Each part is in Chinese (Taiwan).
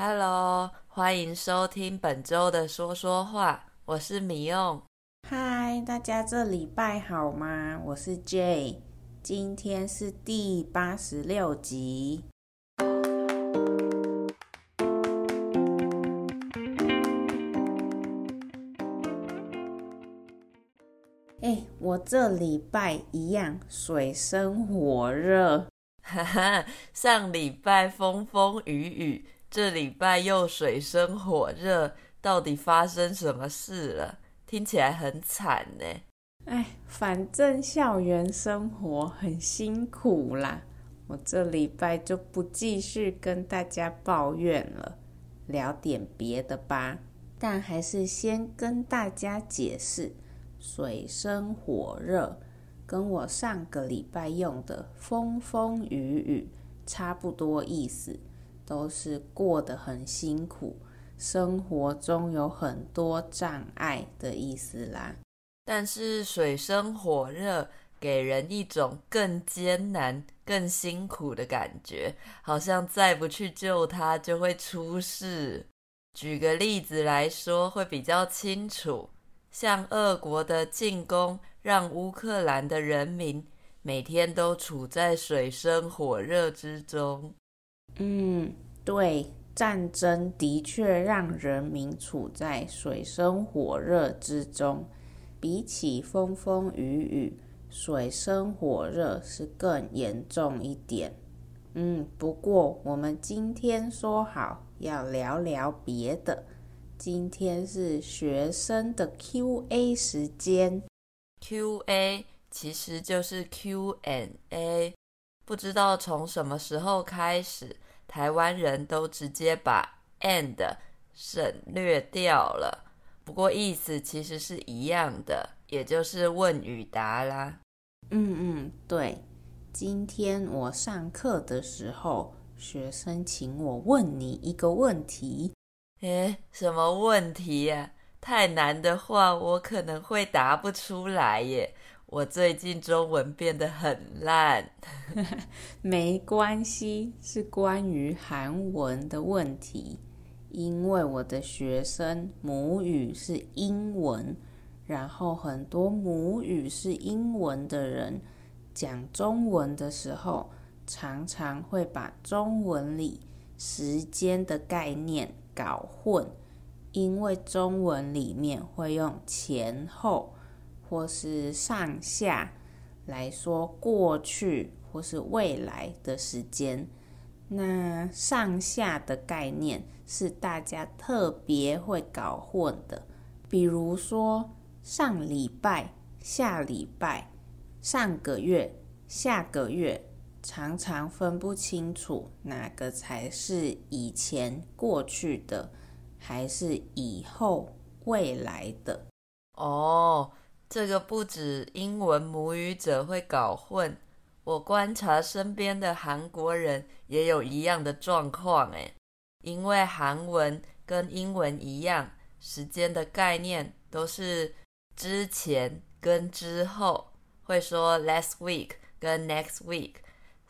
Hello，歡迎收聽本周的說說話，我是米用。嗨，大家這禮拜好嗎？我是 Jay，今天是第八十六集。哎，我這禮拜一樣水深火熱，哈哈，上禮拜風風雨雨。這禮拜又水深火熱，到底發生什麼事了？聽起來很慘呢。唉，反正校園生活很辛苦啦。我這禮拜就不繼續跟大家抱怨了，聊點別的吧。但還是先跟大家解釋，“水深火熱”跟我上個禮拜用的“風風雨雨”差不多意思。都是過得很辛苦，生活中有很多障礙的意思啦。但是水深火熱給人一種更艱難、更辛苦的感覺，好像再不去救他就會出事。舉個例子來說，會比較清楚，像俄國的進攻讓烏克蘭的人民每天都處在水深火熱之中。嗯，對，戰爭的確讓人民處在水深火熱之中。比起風風雨雨，水深火熱是更嚴重一點。嗯，不過我們今天說好要聊聊別的。今天是學生的 QA 時間。QA 其實就是 Q&A，不知道從什麼時候開始。台灣人都直接把 and 省略掉了，不過意思其實是一樣的，也就是問與答啦。嗯嗯，對，今天我上課的時候，學生請我問你一個問題，哎、欸，什麼問題呀、啊？太難的話，我可能會答不出來耶。我最近中文變得很爛， 沒關係，是關於韓文的問題。因為我的學生母語是英文，然後很多母語是英文的人講中文的時候，常常會把中文裡時間的概念搞混，因為中文裡面會用前後。或是上下來說，過去或是未來的時間，那上下的概念是大家特別會搞混的。比如說，上禮拜、下禮拜、上個月、下個月，常常分不清楚哪個才是以前過去的，還是以後未來的哦。Oh. 這個不止英文母語者會搞混，我觀察身邊的韓國人也有一樣的狀況誒，因為韓文跟英文一樣，時間的概念都是之前跟之後，會說 last week 跟 next week，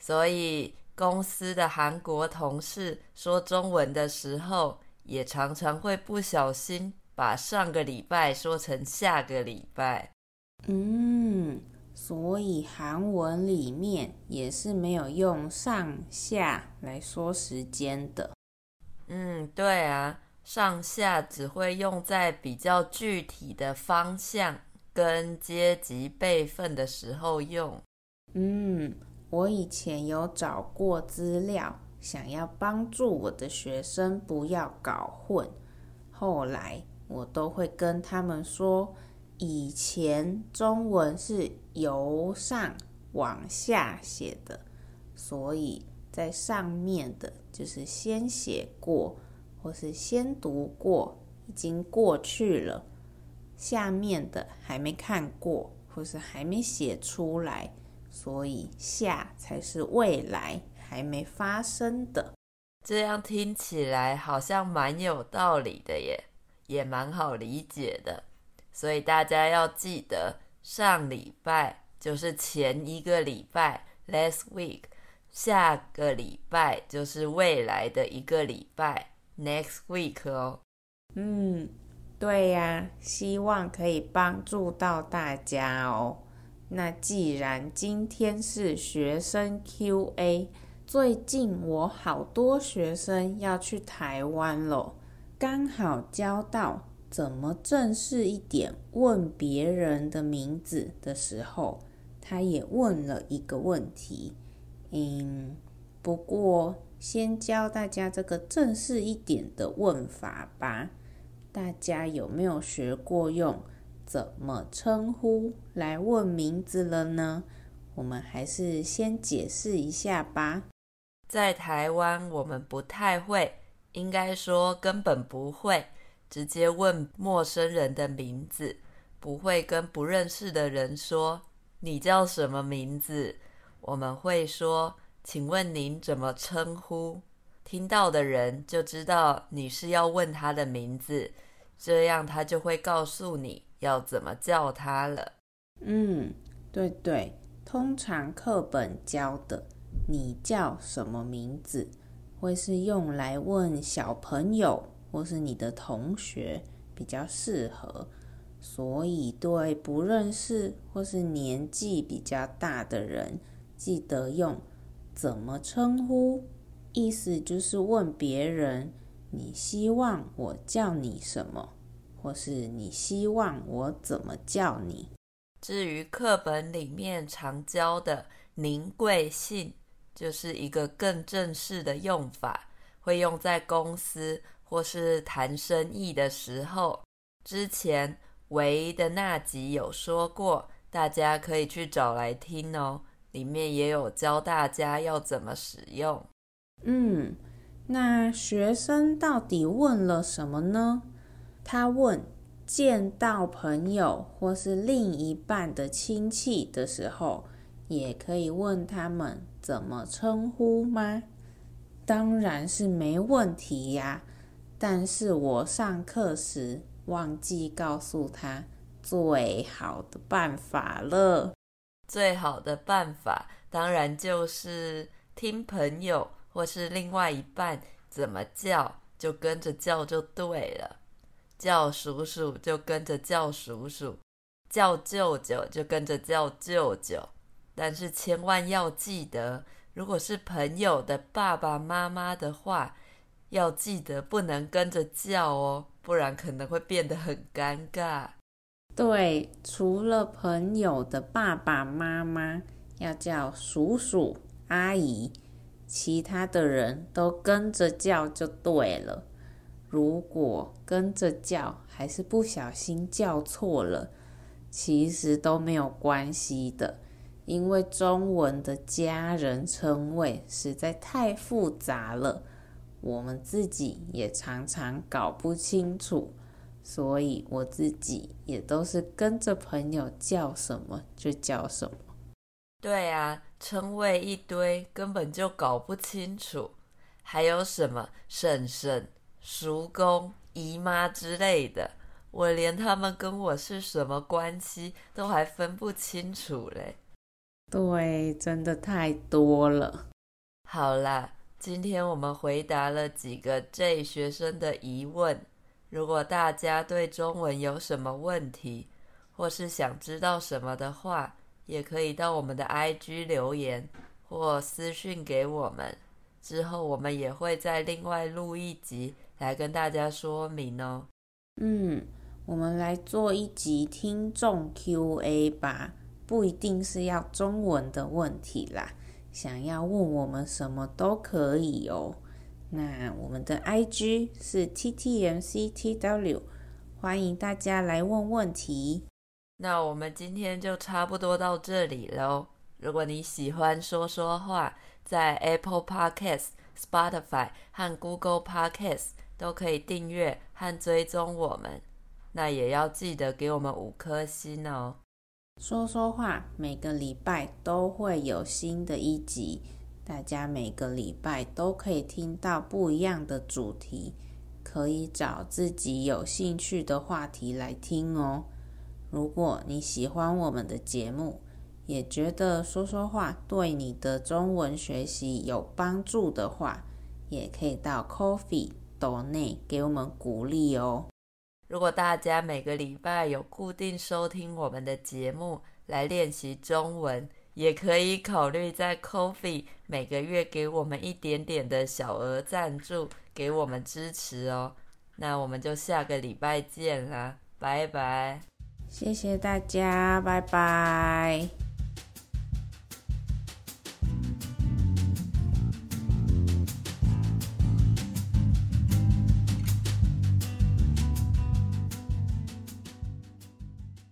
所以公司的韓國同事說中文的時候，也常常會不小心。把上個禮拜說成下個禮拜，嗯，所以韓文裡面也是沒有用上下來說時間的。嗯，對啊，上下只會用在比較具體的方向跟階級輩分的時候用。嗯，我以前有找過資料，想要幫助我的學生不要搞混，後來。我都會跟他們說，以前中文是由上往下寫的，所以在上面的就是先寫過或是先讀過，已經過去了；下面的還沒看過或是還沒寫出來，所以下才是未來還沒發生的。這樣聽起來好像蠻有道理的耶。也蠻好理解的，所以大家要記得，上禮拜就是前一個禮拜 （last week），下個禮拜就是未來的一個禮拜 （next week） 哦。嗯，對呀、啊，希望可以幫助到大家哦。那既然今天是學生 QA，最近我好多學生要去台灣了。剛好教到怎麼正式一點問別人的名字的時候，他也問了一個問題。嗯，不過先教大家這個正式一點的問法吧。大家有沒有學過用怎麼稱呼來問名字了呢？我們還是先解釋一下吧。在台灣，我們不太會。應該說，根本不會直接問陌生人的名字，不會跟不認識的人說你叫什麼名字。我們會說，請問您怎麼稱呼？聽到的人就知道你是要問他的名字，這樣他就會告訴你要怎麼叫他了。嗯，對對，通常課本教的，你叫什麼名字。會是用來問小朋友或是你的同學比較適合，所以對不認識或是年紀比較大的人，記得用“怎麼稱呼”，意思就是問別人你希望我叫你什麼，或是你希望我怎麼叫你。至於課本裡面常教的“您貴姓”。就是一個更正式的用法，會用在公司或是談生意的時候。之前唯一的那集有說過，大家可以去找來聽哦，裡面也有教大家要怎麼使用。嗯，那學生到底問了什麼呢？他問：見到朋友或是另一半的親戚的時候，也可以問他們怎麼稱呼嗎？當然是沒問題呀，但是我上課時忘記告訴他最好的辦法了。最好的辦法當然就是聽朋友或是另外一半怎麼叫，就跟着叫就對了。叫叔叔就跟着叫叔叔，叫舅舅就跟着叫舅舅。但是千萬要記得，如果是朋友的爸爸媽媽的話，要記得不能跟着叫哦，不然可能會變得很尷尬。對，除了朋友的爸爸媽媽要叫叔叔阿姨，其他的人都跟着叫就對了。如果跟着叫還是不小心叫錯了，其實都沒有關係的。因為中文的家人稱謂實在太複雜了，我們自己也常常搞不清楚，所以我自己也都是跟着朋友叫什麼就叫什麼。對呀，稱謂一堆根本就搞不清楚，還有什麼嬸嬸、叔公、姨媽之類的，我連他們跟我是什麼關係都還分不清楚嘞。對，真的太多了。好啦，今天我們回答了幾個這學生的疑問。如果大家對中文有什麼問題，或是想知道什麼的話，也可以到我們的 IG 留言或私訊給我們。之後我們也會再另外錄一集來跟大家說明哦。嗯，我們來做一集聽眾 QA 吧。不一定是要中文的問題啦，想要問我們什麼都可以哦。那我們的 IG 是 TTMCTW，歡迎大家來問問題。那我們今天就差不多到這裡嘍。如果你喜歡說說話，在 Apple Podcasts、Spotify 和 Google Podcasts 都可以訂閱和追蹤我們。那也要記得給我們五顆星哦。說說話，每個禮拜都會有新的一集，大家每個禮拜都可以聽到不一樣的主題，可以找自己有興趣的話題來聽哦。如果你喜歡我們的節目，也覺得說說話對你的中文學習有幫助的話，也可以到 Ko-fi donate 給我們鼓勵哦。如果大家每個禮拜有固定收聽我們的節目來練習中文，也可以考慮在 Ko-fi 每個月給我們一點點的小額贊助，給我們支持哦。那我們就下個禮拜見啦，拜拜！謝謝大家，拜拜。